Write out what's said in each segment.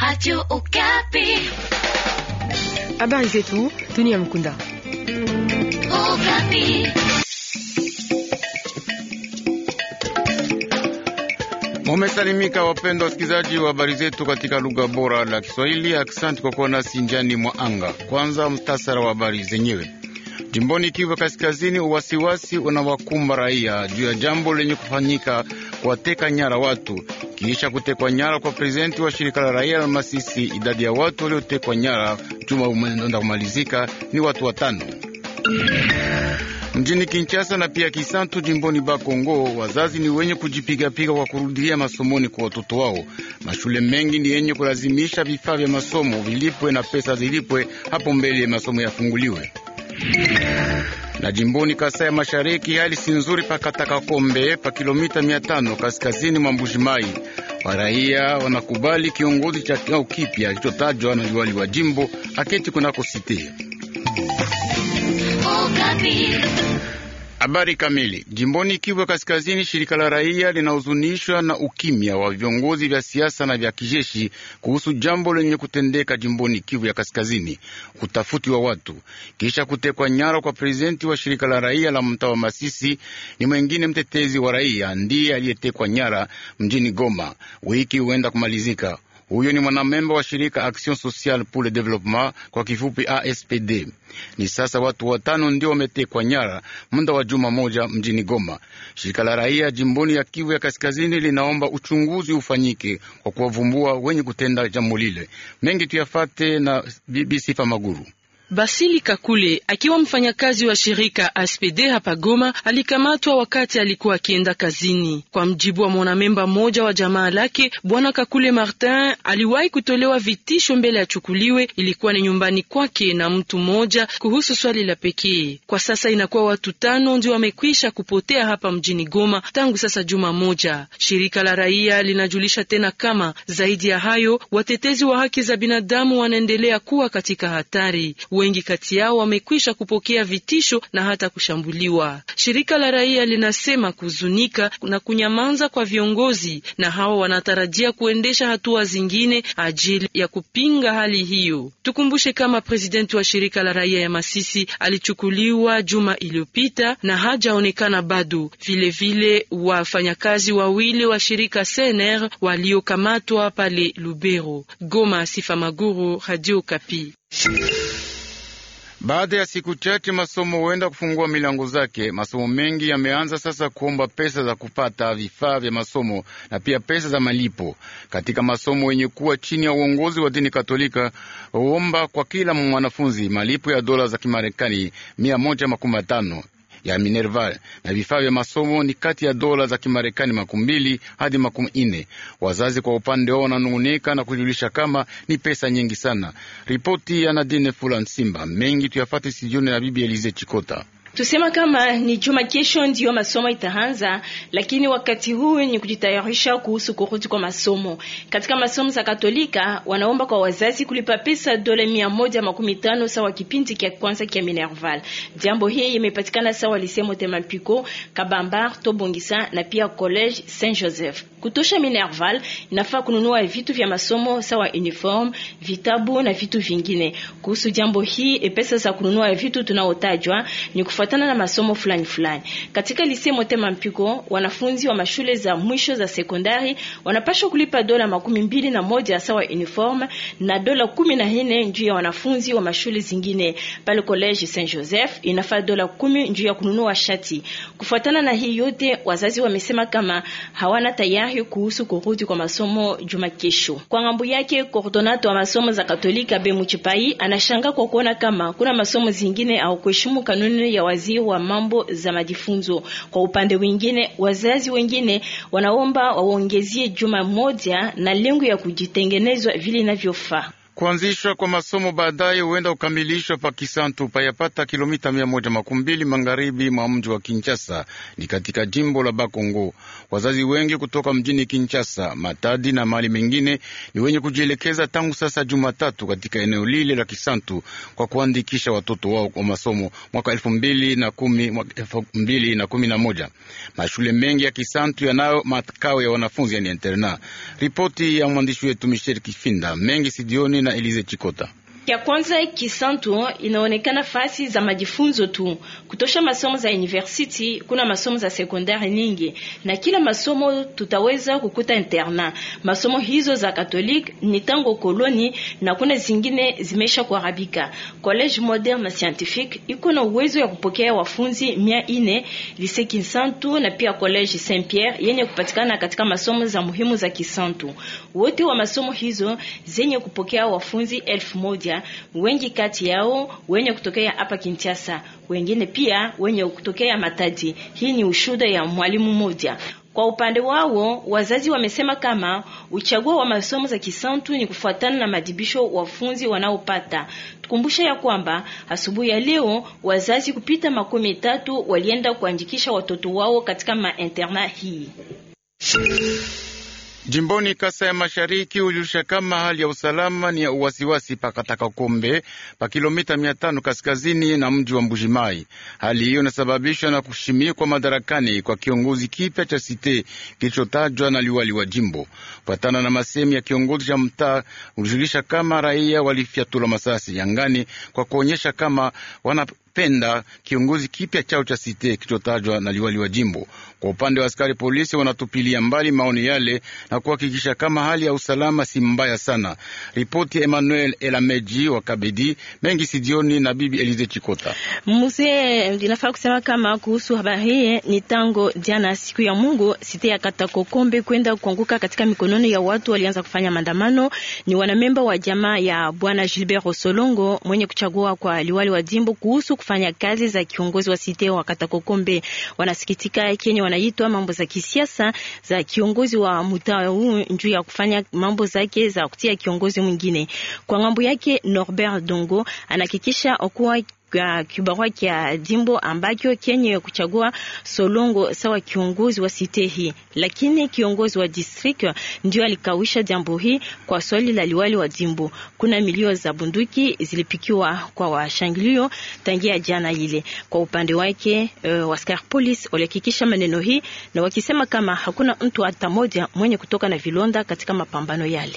Radio Okapi. Habari zetu Tony mkunda. Okapi. Mumesalimika wapendwa wasikilizaji wa habari zetu katika lugha bora la Kiswahili. Asante kwa kuwa nasi njiani mwa anga. Kwanza mtasara wa habari zenyewe. Jimboni Kivu Kaskazini, uwasiwasi unawakumba raia juu ya jambo lenye kufanyika kuwateka nyara watu kisha kutekwa nyara kwa prezidenti wa shirika la raia la Masisi. Idadi ya watu waliotekwa nyara juma umeenda kumalizika ni watu watano mjini Kinshasa na pia Kisantu jimboni Bakongo, wazazi ni wenye kujipigapiga kwa kurudilia masomoni kwa watoto wao. Mashule mengi ni yenye kulazimisha vifaa vya masomo vilipwe na pesa zilipwe hapo mbele masomo yafunguliwe. Na jimboni Kasai ya Mashariki, hali si nzuri Kataka kombe pa kilomita mia tano kaskazini mwa Mbujimai. Waraia wanakubali kiongozi cha kikao kipya kilichotajwa na liwali wa jimbo aketi kunako site oh, Habari kamili. Jimboni Kivu Kaskazini, shirika la raia linahuzunishwa na ukimya wa viongozi vya siasa na vya kijeshi kuhusu jambo lenye kutendeka jimboni Kivu ya Kaskazini, utafuti wa watu kisha kutekwa nyara kwa prezidenti wa shirika la raia la mtaa wa Masisi. Ni mwengine mtetezi wa raia ndiye aliyetekwa nyara mjini Goma, wiki huenda kumalizika huyo ni mwanamemba wa shirika Action Sociale pour le Developpement, kwa kifupi ASPD. Ni sasa watu watano ndio wametekwa nyara muda wa juma moja mjini Goma. Shirika la raia jimboni ya Kivu ya Kaskazini linaomba uchunguzi ufanyike kwa kuwavumbua wenye kutenda jambo lile. Mengi tuyafate na BBC Famaguru. Basili Kakule akiwa mfanyakazi wa shirika aspd hapa Goma alikamatwa wakati alikuwa akienda kazini. Kwa mjibu wa mwanamemba mmoja wa jamaa lake, bwana Kakule Martin aliwahi kutolewa vitisho mbele achukuliwe, ilikuwa ni nyumbani kwake na mtu mmoja kuhusu swali la pekee. Kwa sasa inakuwa watu tano ndio wamekwisha kupotea hapa mjini Goma tangu sasa juma moja. Shirika la raia linajulisha tena kama zaidi ya hayo watetezi wa haki za binadamu wanaendelea kuwa katika hatari. Wengi kati yao wamekwisha kupokea vitisho na hata kushambuliwa. Shirika la raia linasema kuzunika na kunyamanza kwa viongozi, na hao wanatarajia kuendesha hatua zingine ajili ya kupinga hali hiyo. Tukumbushe kama presidenti wa shirika la raia ya Masisi alichukuliwa juma iliyopita na hajaonekana bado. Vilevile wafanyakazi wawili wa shirika CNR waliokamatwa pale Lubero. Goma, Sifa Maguru, Radio Kapi. Baada ya siku chache masomo huenda kufungua milango zake. Masomo mengi yameanza sasa kuomba pesa za kupata vifaa vya masomo na pia pesa za malipo katika masomo yenye kuwa chini ya uongozi wa dini Katolika. Huomba kwa kila mwanafunzi malipo ya dola za Kimarekani mia moja makumi matano ya Minerval na vifaa vya masomo ni kati ya dola za Kimarekani makumi mbili hadi makumi ine. Wazazi kwa upande wao wananung'unika na kujulisha kama ni pesa nyingi sana. Ripoti ya Nadine Fula Nsimba, mengi tuyafate sijuni na Bibi Elize Chikota. Tusema kama ni juma kesho ndiyo masomo itaanza, lakini wakati huu ni kujitayarisha kuhusu kurudi kwa masomo. Katika masomo za Katolika wanaomba kwa wazazi kulipa pesa dola mia moja makumi tano sawa kipindi kia kwanza kia Minerval. Jambo hii imepatikana sawa lisemo Temapiko, Kabamba, Tobongisa na pia College Saint Joseph. Kutosha Minerval inafaa kununua vitu vya masomo sawa uniform, vitabu na vitu vingine. Kuhusu jambo hii, e pesa za kununua vitu tunaotajwa ni kufuatana na masomo fulani fulani. Katika lise Motema Mpiko, wanafunzi wa mashule za mwisho za sekondari wanapaswa kulipa dola makumi mbili na moja sawa uniforme na dola kumi na nne njuu ya wanafunzi wa mashule zingine. Pale College Saint Joseph inafaa dola kumi njuu ya kununua shati. Kufuatana na hii yote, wazazi wamesema kama hawana tayari kuhusu kurudi kwa masomo juma kesho. Kwa ngambo yake, coordonator wa masomo za Katolika Bemuchipai anashanga kwa kuona kama kuna masomo zingine au kuheshimu kanuni ya waziri wa mambo za majifunzo. Kwa upande wengine, wazazi wengine wanaomba waongezie juma moja na lengo ya kujitengenezwa vile inavyofaa kuanzishwa kwa masomo baadaye huenda kukamilishwa pa Kisantu payapata kilomita mia moja makumi mbili magharibi mwa mji wa Kinshasa, ni katika jimbo la Bakongo. Wazazi wengi kutoka mjini Kinshasa, Matadi na mali mengine ni wenye kujielekeza tangu sasa Jumatatu katika eneo lile la Kisantu kwa kuandikisha watoto wao kwa masomo mwaka elfu mbili na kumi, elfu mbili na kumi na moja. Mashule mengi ya Kisantu yanayo makao ya wanafunzi yani internat. Ripoti ya mwandishi wetu Michel Kifinda mengi sidioni na Élisée Ticotá. Ya kwanza Kisantu inaonekana fasi za majifunzo tu kutosha masomo za university, kuna masomo za sekondari nyingi na kila masomo tutaweza kukuta interna. Masomo hizo za Catholic ni tango koloni na kuna zingine zimesha kuharabika. College Moderne Scientifique iko na uwezo ya kupokea wafunzi mia ine Lise Kisantu na pia College Saint Pierre yenye kupatikana katika masomo za muhimu za Kisantu, wote wa masomo hizo zenye kupokea wafunzi elfu moja wengi kati yao wenye kutokea hapa Kinshasa, wengine pia wenye kutokea Matadi. Hii ni ushuda ya mwalimu mmoja. Kwa upande wao wazazi wamesema kama uchaguo wa masomo za kisantu ni kufuatana na majibisho wafunzi wanaopata. Tukumbushe ya kwamba asubuhi ya leo wazazi kupita makumi tatu walienda kuandikisha watoto wao katika mainterna hii. Jimboni Kasa ya Mashariki hujulisha kama hali ya usalama ni ya uwasiwasi pakataka kombe pa kilomita mia tano kaskazini na mji wa Mbujimai. Hali hiyo inasababishwa na kushimikwa madarakani kwa kiongozi kipya cha site kilichotajwa na liwali wa jimbo. Kufuatana na masemi ya kiongozi cha mtaa, hujulisha kama raia walifyatula masasi yangani kwa kuonyesha kama wana wanapenda kiongozi kipya chao cha site kilichotajwa na liwali wa jimbo. Kwa upande wa askari polisi, wanatupilia mbali maoni yale na kuhakikisha kama hali ya usalama si mbaya sana. Ripoti ya Emmanuel Elameji wa Kabedi mengi sidioni na Bibi Elize Chikota Muse. Inafaa kusema kama kuhusu habari hii ni tango jana, siku ya Mungu, site ya Katakokombe kwenda kuanguka katika mikononi ya watu walianza kufanya maandamano. Ni wanamemba wa jamaa ya Bwana Gilbert Osolongo mwenye kuchagua kwa liwali wa jimbo kuhusu kufanya kazi za kiongozi wa Site wa Katakokombe. Wanasikitika kenye wanaitwa mambo za kisiasa za kiongozi wa mtaa huu njuu ya kufanya mambo zake za kutia kiongozi mwingine. Kwa ngambo yake Norbert Dongo anahakikisha kuwa uh, kibarua kya jimbo ambacho kenye kuchagua Solongo sawa kiongozi wa site hii, lakini kiongozi wa district ndio alikawisha jambo hii kwa swali la liwali wa jimbo. Kuna milio za bunduki zilipikiwa kwa washangilio tangia jana ile. Kwa upande wake uh, waskar police walihakikisha maneno hii na wakisema kama hakuna mtu hata mmoja mwenye kutoka na vilonda katika mapambano yale.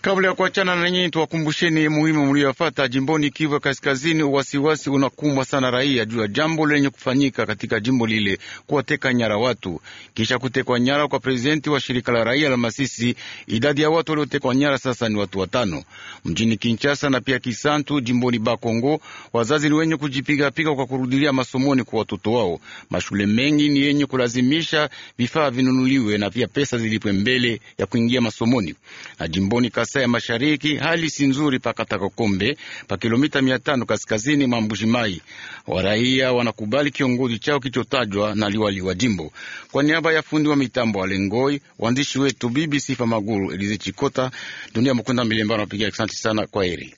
Kabla ya kuachana na nyinyi, tuwakumbusheni muhimu mlioyafata jimboni Kivu ya Kaskazini. Uwasiwasi unakumbwa sana raia juu ya jambo lenye kufanyika katika jimbo lile, kuwateka nyara watu. Kisha kutekwa nyara kwa prezidenti wa shirika la raia la Masisi, idadi ya watu waliotekwa nyara sasa ni watu watano mjini Kinshasa na pia Kisantu jimboni Bakongo. Wazazi ni wenye kujipigapiga kwa kurudilia masomoni kwa watoto wao. Mashule mengi ni yenye kulazimisha vifaa vinunuliwe na pia pesa zilipwe mbele ya kuingia masomoni na jimboni Kasai ya Mashariki hali si nzuri Pakatakokombe pa kilomita mia tano kaskazini mwa mbuji Waraia wanakubali kiongozi chao kichotajwa na liwali wa jimbo. Kwa niaba ya fundi wa mitambo Alengoi, waandishi wetu BBC Sifa Maguru, Elize Chikota, Dunia Mukunda Milemba anapiga. Asante sana, kwa heri.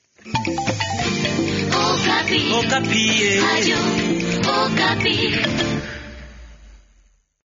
Okapi. Okapi.